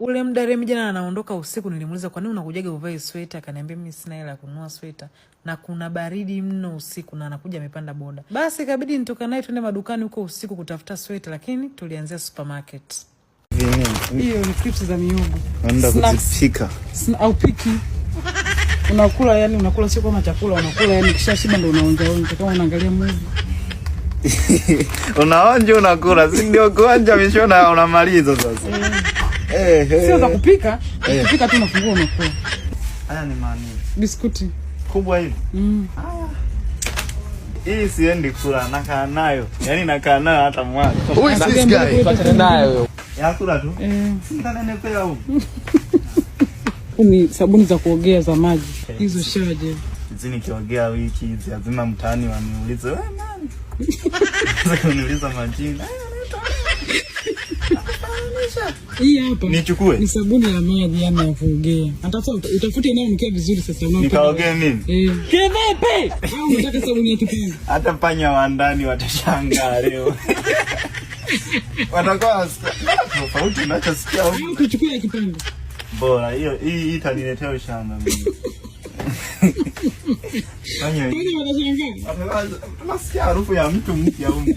Ule mda Remi jana anaondoka usiku, nilimuuliza kwa nini unakujaga uvae sweta, akaniambia mimi sina hela ya kununua sweta na kuna baridi mno usiku, na anakuja amepanda boda. Basi ikabidi nitoka naye twende madukani huko usiku kutafuta sweta, lakini tulianzia supermarket. Hiyo ni crips za mihogo, naenda kuzipika au piki unakula, yani unakula, sio kama chakula unakula, yani kisha shiba ndio unaonja onja, kama unaangalia movie unaonja unakula, si ndio? Kuonja mishona unamaliza sasa eh. Eh, eh. sio za kupika eh. Kupika tu nafungua unakula. Haya ni mani biskuti kubwa hivi mm. Ah. Hii siendi kula, nakaa nayo yaani, nakaa nayo hata mwaka. Who is this guy, tuachane nayo huyo. Ya kula tu eh, sitanenepea huko ni sabuni za kuogea za maji hizo, shaje hizi. Nikiogea wiki hizi lazima mtaani waniulize wewe nani, niuliza majina sasa hii hapa nichukue, ni sabuni ya maji ya kuogea. Hata utafute inayonukia vizuri. Sasa unapo nikaogee mimi eh, kivipi? Au unataka sabuni ya kipindi? Hata panya wa ndani watashangaa leo, watakuwa tofauti unachosikia huko. Tuchukue ya kipindi bora, hiyo hii itaniletea ushanga mimi. Tunasikia harufu ya mtu mpya huko,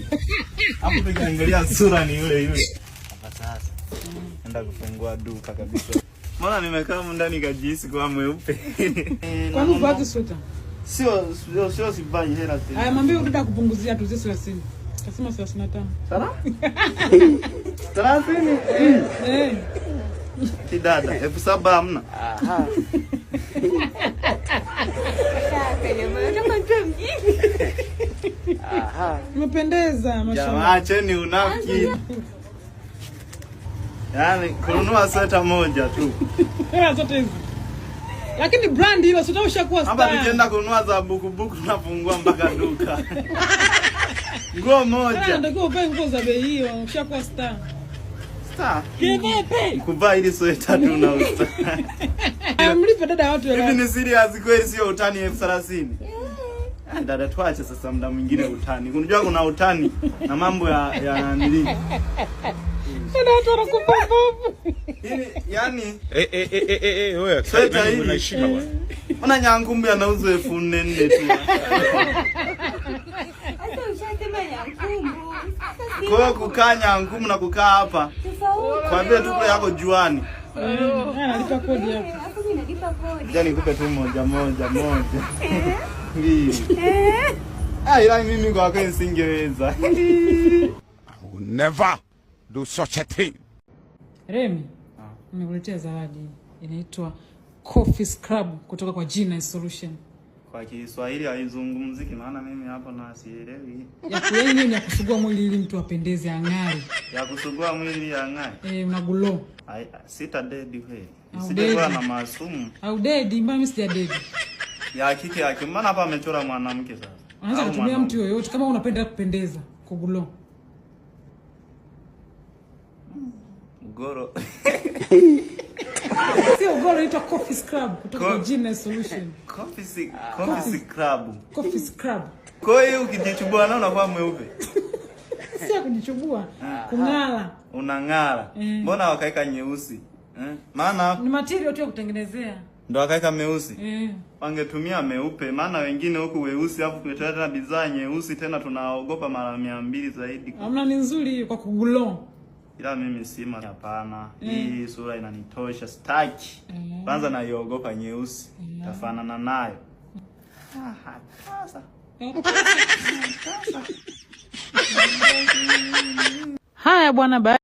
hapo tukiangalia sura ni yule yule enda kufungua duka kabisa. Mbona nimekaa ndani kajisi kwa mweupe? Kwa nini upati sweta? Sio sio sio sibanyi hela tena. Haya mwambie ukita kupunguzia tu zisi 30. Kasema 35. Sara? 30? Eh. Ti dada, elfu saba hamna. Aha. Mpendeza, mashallah. Jamaa, cheni unafiki. Yaani kununua sweta moja tu. Hela eh, zote hizo. Lakini brand sio tosha kuwa star. Hapa tukienda kununua za buku buku tunafungua mpaka duka. Nguo moja. Hela ndio upe nguo za bei hiyo, ushakuwa star. Star. Kivipi? Kuvaa ile sweta tu na usta. dada watu Hivi ni serious kweli sio utani elfu thelathini. Ah, dada, tuache sasa, muda mwingine utani. Unajua kuna utani na mambo ya ya Eh, eh, eh, Ona Nyangumi elfu nne nne tu. Kwa hiyo kukaa Nyangumu na kukaa hapa kwa vile yako juani. tu moja moja moja. Ah, ila mimi kwa kweli singeweza. Never do such a thing. Remi, nimekuletea zawadi inaitwa Coffee Scrub kutoka kwa Genius Solution. Kwa Kiswahili haizungumziki maana mimi hapo na sielewi. Ya kweli ni ya kusugua mwili ili mtu apendeze ang'are. Ya kusugua mwili ang'are. Eh, una glow. Sita dedi wewe. Sitakuwa na masumu. Au dead, mbona mimi sija dead? Ya kike yake, maana hapa amechora mwanamke sasa. Unaweza kutumia mtu yoyote kama unapenda kupendeza, kuglow. Ugoro. Sio Ugoro, inaitwa Coffee Scrub kutoka Genius Solution. Coffee ah. Scrub. Coffee Scrub. Kwa hiyo ukijichubua na unakuwa mweupe. Sio kujichubua, ah, kung'ara. Unang'ara. Eh. Mbona mm. wakaweka nyeusi? Eh? Maana ni material tu ya kutengenezea. Ndo akaweka meusi mm. Wangetumia meupe, maana wengine huku weusi, afu kuletea tena bidhaa nyeusi, tena tunaogopa mara mia mbili zaidi. Amna, ni nzuri kwa kugulo ila mimi sima, hapana. mm. Hii sura inanitosha, staki mm. kwanza. mm. Naiogopa nyeusi, mm. tafanana nayo ah, Haya bwana.